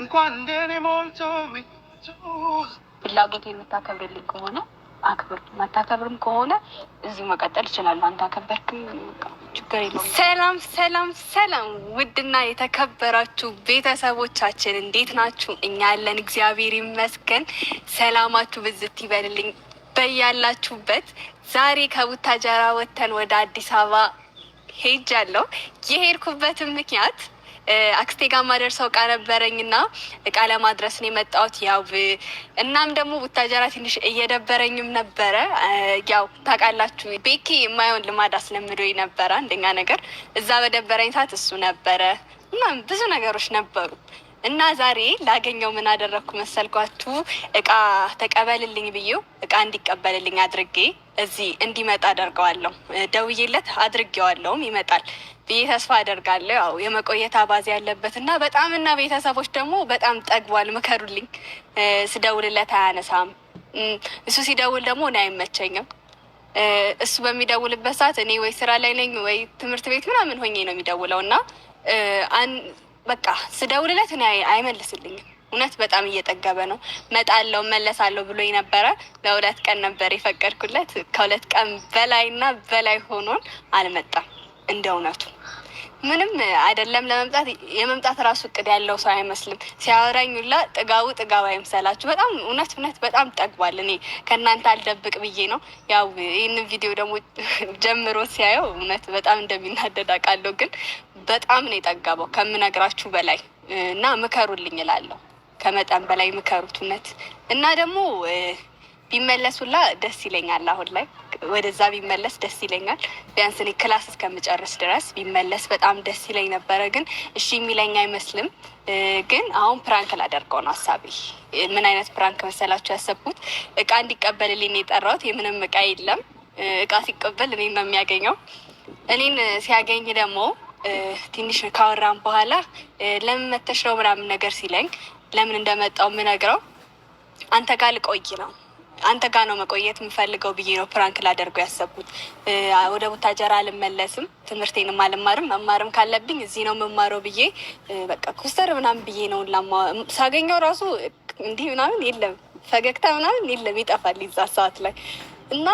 እንኳን እንደኔ ሞልቶ ፍላጎት የምታከብርልኝ ከሆነ አክብር፣ ማታከብርም ከሆነ እዚህ መቀጠል እችላለሁ። አንተ አከበርክም ችግር የለውም። ሰላም ሰላም ሰላም! ውድና የተከበራችሁ ቤተሰቦቻችን እንዴት ናችሁ? እኛ ያለን እግዚአብሔር ይመስገን። ሰላማችሁ ብዝት ይበልልኝ በያላችሁበት። ዛሬ ከቡታጀራ ወተን ወደ አዲስ አበባ ሄጃለሁ። የሄድኩበትም ምክንያት አክስቴ ጋር ማደርሰው እቃ ነበረኝ እና እቃ ለማድረስ ነው የመጣሁት። ያው እናም ደግሞ ቡታጀራ ትንሽ እየደበረኝም ነበረ። ያው ታውቃላችሁ ቤኪ የማየውን ልማድ አስለምዶኝ ነበረ። አንደኛ ነገር እዛ በደበረኝ ሰዓት እሱ ነበረ እና ብዙ ነገሮች ነበሩ። እና ዛሬ ላገኘው ምን አደረግኩ መሰልኳችሁ? እቃ ተቀበልልኝ ብዬው እቃ እንዲቀበልልኝ አድርጌ እዚህ እንዲመጣ አደርገዋለሁ። ደውዬለት አድርጌዋለሁም ይመጣል ብዬ ተስፋ አደርጋለሁ። ያው የመቆየት አባዜ ያለበት እና በጣም እና ቤተሰቦች ደግሞ በጣም ጠግቧል። ምከሩልኝ። ስደውልለት አያነሳም። እሱ ሲደውል ደግሞ እኔ አይመቸኝም። እሱ በሚደውልበት ሰዓት እኔ ወይ ስራ ላይ ነኝ ወይ ትምህርት ቤት ምናምን ሆኜ ነው የሚደውለው እና በቃ ስደውልለት እኔ አይመልስልኝም። እውነት በጣም እየጠገበ ነው። መጣለው መለሳለሁ ብሎ ነበረ። ለሁለት ቀን ነበር የፈቀድኩለት። ከሁለት ቀን በላይና በላይ ሆኖን አልመጣም እንደ እውነቱ ምንም አይደለም። ለመምጣት የመምጣት ራሱ እቅድ ያለው ሰው አይመስልም። ሲያወራኙላ ጥጋቡ ጥጋብ አይምሰላችሁ። በጣም እውነት እውነት በጣም ጠግቧል። እኔ ከእናንተ አልደብቅ ብዬ ነው። ያው ይህን ቪዲዮ ደግሞ ጀምሮ ሲያየው እውነት በጣም እንደሚናደድ አውቃለሁ፣ ግን በጣም ነው የጠገበው ከምነግራችሁ በላይ እና ምከሩልኝ እላለሁ። ከመጠን በላይ ምከሩት እውነት እና ደግሞ ቢመለሱላ ደስ ይለኛል አሁን ላይ ወደዛ ቢመለስ ደስ ይለኛል። ቢያንስ እኔ ክላስ እስከምጨርስ ድረስ ቢመለስ በጣም ደስ ይለኝ ነበረ። ግን እሺ የሚለኝ አይመስልም። ግን አሁን ፕራንክ ላደርገው ነው ሀሳቤ። ምን አይነት ፕራንክ መሰላችሁ ያሰብኩት? እቃ እንዲቀበልልኝ የጠራሁት የምንም እቃ የለም። እቃ ሲቀበል እኔ ነው የሚያገኘው። እኔን ሲያገኝ ደግሞ ትንሽ ካወራም በኋላ ለምን መተሽ ነው ምናምን ነገር ሲለኝ ለምን እንደመጣው የምነግረው አንተ ጋር ልቆይ ነው አንተ ጋር ነው መቆየት የምፈልገው ብዬ ነው ፕራንክ ላደርገው ያሰብኩት። ወደ ቡታጀራ አልመለስም፣ ትምህርቴንም አልማርም፣ መማርም ካለብኝ እዚህ ነው መማረው ብዬ በቃ ኩስተር ምናምን ብዬ ነው ላማ ሳገኘው ራሱ እንዲህ ምናምን የለም ፈገግታ ምናምን የለም ይጠፋል ይዛ ሰዓት ላይ እና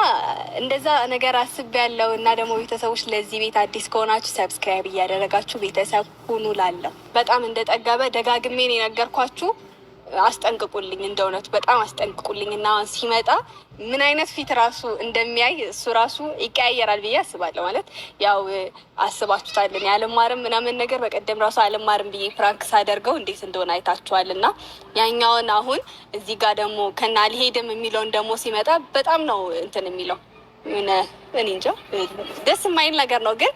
እንደዛ ነገር አስብ ያለው እና ደግሞ ቤተሰቦች ለዚህ ቤት አዲስ ከሆናችሁ ሰብስክራይብ እያደረጋችሁ ቤተሰብ ሁኑ ላለው በጣም እንደጠገበ ደጋግሜን የነገርኳችሁ አስጠንቅቁልኝ፣ እንደ እውነቱ በጣም አስጠንቅቁልኝ። እና አሁን ሲመጣ ምን አይነት ፊት ራሱ እንደሚያይ እሱ ራሱ ይቀያየራል ብዬ አስባለሁ። ማለት ያው አስባችሁታለን ያለማርም ምናምን ነገር በቀደም ራሱ አለማርም ብዬ ፍራንክ ሳደርገው እንዴት እንደሆነ አይታችኋል። እና ያኛውን አሁን እዚህ ጋር ደግሞ ከና አልሄድም የሚለውን ደግሞ ሲመጣ በጣም ነው እንትን የሚለው ምን እኔ እንጃ ደስ የማይል ነገር ነው፣ ግን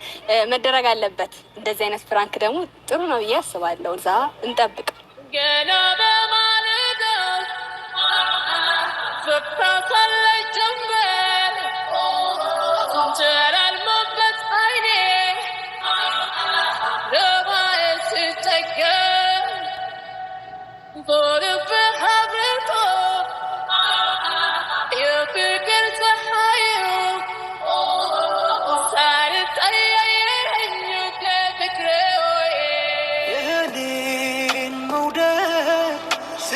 መደረግ አለበት። እንደዚህ አይነት ፍራንክ ደግሞ ጥሩ ነው ብዬ አስባለሁ። እዛ እንጠብቅ። Papa.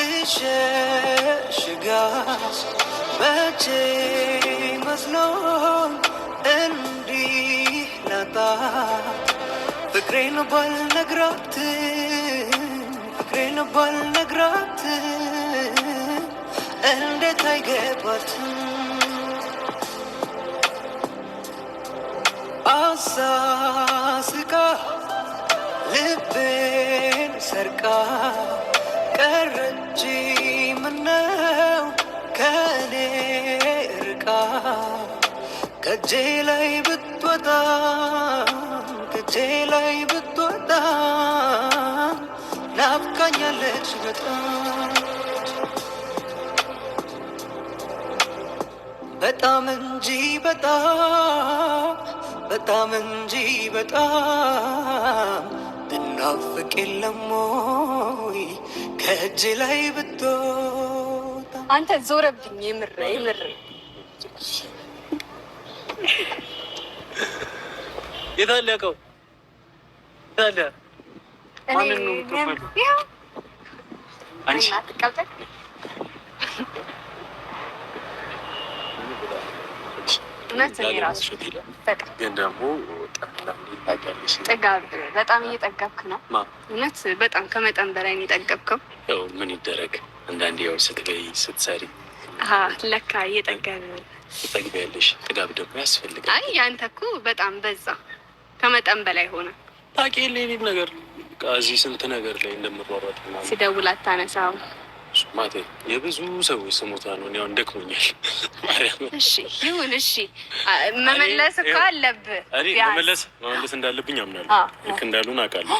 ስሸሽጋ መቼ መስሎን እንዲህ ናጣ ፍቅሬን ባልነግራት ፍቅሬን ባልነግራት እንዴት አይገባት አሳስቃ ልቤን ሰርቃ ቀረ ከጄ ላይ ብትወጣ ከጄ ላይ ብትወጣ ናፍቃኛለች በጣም በጣም እንጂ በጣም በጣም እንጂ በጣም ብናፍቅ የለም ወይ ከእጅ ላይ ብትወጣ አንተ ዞረብኝ የምር የምር የታለቀው ታለ ማንን ነው የምትፈልገው? ግን ደግሞ በጣም እየጠገብክ ነው። እውነት በጣም ከመጠን በላይ ነው የጠገብከው። ምን ይደረግ አንዳንዴ ያው ስትለይ ስትሰሪ ለካ እየጠገብ ጠግቢ ያለሽ ጥጋብ ደግሞ ያስፈልጋል። አይ ያንተ እኮ በጣም በዛ፣ ከመጠን በላይ ሆነ። ታውቂ የለ የእኔም ነገር እዚህ ስንት ነገር ላይ እንደምሯሯጥ ስደውል አታነሳው። ማቴ የብዙ ሰዎች ስሞታ ነው። ያው እንደክሞኛል። እሺ ይሁን፣ እሺ መመለስ እኮ አለብህ። መመለስ መመለስ እንዳለብኝ አምናለሁ። ልክ እንዳሉን አውቃለሁ።